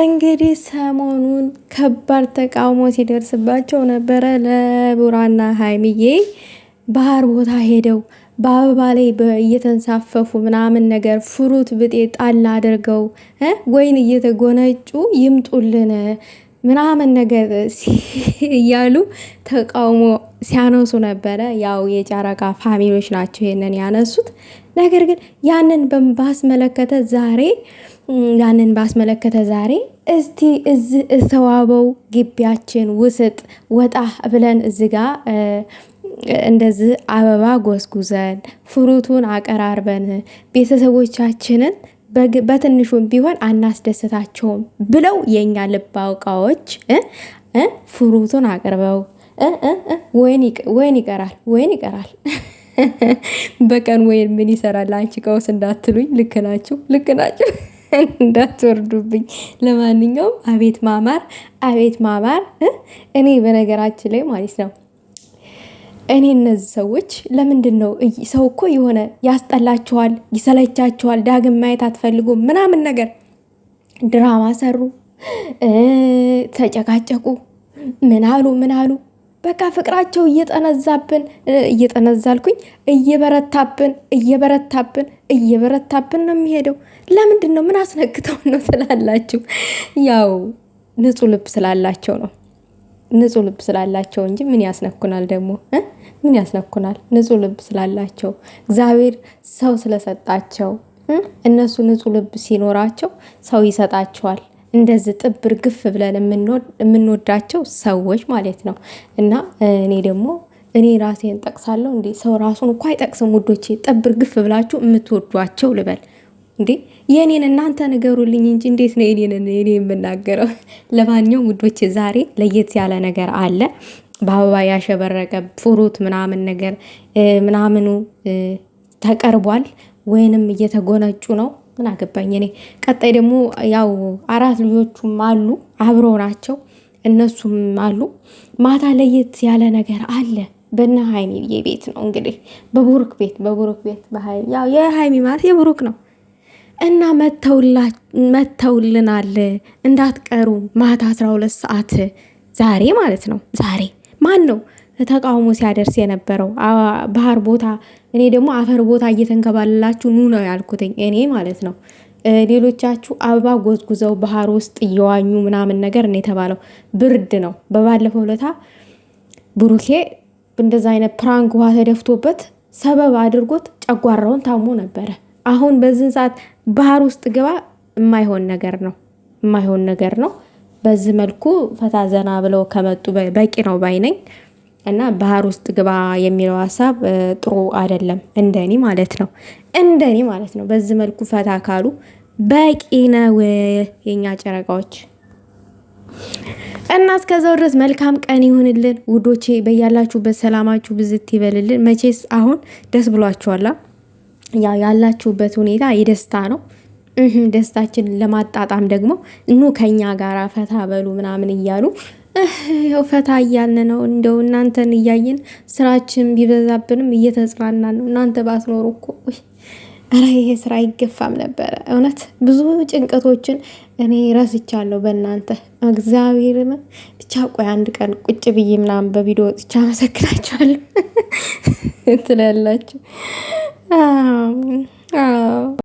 እንግዲህ ሰሞኑን ከባድ ተቃውሞ ሲደርስባቸው ነበረ። ለቡራና ሀይሚዬ ባህር ቦታ ሄደው በአበባ ላይ እየተንሳፈፉ ምናምን ነገር ፍሩት ብጤ ጣል አድርገው ወይን እየተጎነጩ ይምጡልን ምናምን ነገር እያሉ ተቃውሞ ሲያነሱ ነበረ። ያው የጨረቃ ፋሚሊዎች ናቸው ይሄንን ያነሱት። ነገር ግን ያንን ባስመለከተ ዛሬ ያንን ባስመለከተ ዛሬ እስቲ እዚህ እተዋበው ግቢያችን ውስጥ ወጣ ብለን እዚ ጋ እንደዚህ አበባ ጎስጉዘን ፍሩቱን አቀራርበን ቤተሰቦቻችንን በትንሹም ቢሆን አናስደስታቸውም ብለው የእኛ ልብ አውቃዎች ፍሩቱን አቅርበው ወይን ይቀራል፣ ወይን ይቀራል። በቀን ወይን ምን ይሰራል? አንቺ ቀውስ እንዳትሉኝ። ልክ ናችሁ፣ ልክ ናችሁ፣ እንዳትወርዱብኝ። ለማንኛውም አቤት ማማር፣ አቤት ማማር። እኔ በነገራችን ላይ ማለት ነው እኔ እነዚህ ሰዎች ለምንድን ነው ሰው እኮ የሆነ ያስጠላችኋል፣ ይሰለቻችኋል፣ ዳግም ማየት አትፈልጉም ምናምን ነገር ድራማ ሰሩ፣ ተጨቃጨቁ፣ ምን አሉ ምን አሉ። በቃ ፍቅራቸው እየጠነዛብን እየጠነዛልኩኝ እየበረታብን እየበረታብን እየበረታብን ነው የሚሄደው። ለምንድን ነው ምን አስነክተው ነው ትላላችሁ? ያው ንጹሕ ልብ ስላላቸው ነው። ንጹህ ልብ ስላላቸው እንጂ ምን ያስነኩናል? ደግሞ ምን ያስነኩናል? ንጹህ ልብ ስላላቸው እግዚአብሔር ሰው ስለሰጣቸው እነሱ ንጹህ ልብ ሲኖራቸው ሰው ይሰጣቸዋል። እንደዚህ ጥብር ግፍ ብለን የምንወዳቸው ሰዎች ማለት ነው። እና እኔ ደግሞ እኔ ራሴን ጠቅሳለሁ እንዲ ሰው ራሱን እኳ አይጠቅስም ውዶቼ። ጥብር ግፍ ብላችሁ የምትወዷቸው ልበል እንዴ የእኔን እናንተ ንገሩልኝ እንጂ እንዴት ነው የኔን እኔ የምናገረው? ለማንኛውም ውዶች ዛሬ ለየት ያለ ነገር አለ። በአበባ ያሸበረቀ ፍሩት ምናምን ነገር ምናምኑ ተቀርቧል፣ ወይንም እየተጎነጩ ነው። ምን አገባኝ እኔ። ቀጣይ ደግሞ ያው አራት ልጆቹም አሉ አብረው ናቸው፣ እነሱም አሉ። ማታ ለየት ያለ ነገር አለ። በነ ሀይሚ ቤት ነው እንግዲህ፣ በቡሩክ ቤት በቡሩክ ቤት ያው የሀይሚ ማለት የቡሩክ ነው እና መተውልናል እንዳትቀሩ ማታ 12 ሰዓት ዛሬ ማለት ነው። ዛሬ ማን ነው ተቃውሞ ሲያደርስ የነበረው? ባህር ቦታ እኔ ደግሞ አፈር ቦታ እየተንከባለላችሁ ኑ ነው ያልኩትኝ እኔ ማለት ነው። ሌሎቻችሁ አበባ ጎዝጉዘው ባህር ውስጥ እየዋኙ ምናምን ነገር ነው የተባለው። ብርድ ነው። በባለፈው ለታ ብሩኬ እንደዚ አይነት ፕራንክ ውሃ ተደፍቶበት ሰበብ አድርጎት ጨጓራውን ታሞ ነበረ። አሁን በዚህን ሰዓት ባህር ውስጥ ግባ የማይሆን ነገር ነው የማይሆን ነገር ነው። በዚህ መልኩ ፈታ ዘና ብለው ከመጡ በቂ ነው ባይ ነኝ። እና ባህር ውስጥ ግባ የሚለው ሀሳብ ጥሩ አይደለም፣ እንደኔ ማለት ነው እንደኔ ማለት ነው። በዚህ መልኩ ፈታ ካሉ በቂ ነው የኛ ጨረቃዎች። እና እስከዛው ድረስ መልካም ቀን ይሁንልን ውዶቼ፣ በያላችሁበት ሰላማችሁ ብዝት ይበልልን። መቼስ አሁን ደስ ብሏችኋላ። ያው ያላችሁበት ሁኔታ የደስታ ነው። ደስታችን ለማጣጣም ደግሞ ኑ ከኛ ጋር ፈታ በሉ ምናምን እያሉ ያው ፈታ እያልን ነው። እንደው እናንተን እያየን ስራችን ቢበዛብንም እየተጽናናን ነው። እናንተ ባትኖሩ እኮ ኧረ ይሄ ስራ አይገፋም ነበረ። እውነት ብዙ ጭንቀቶችን እኔ ረስቻለሁ በእናንተ እግዚአብሔርን። ብቻ ቆይ አንድ ቀን ቁጭ ብዬ ምናምን በቪዲዮ ወጥቼ አመሰግናችኋለሁ ትላላችሁ። Um, oh.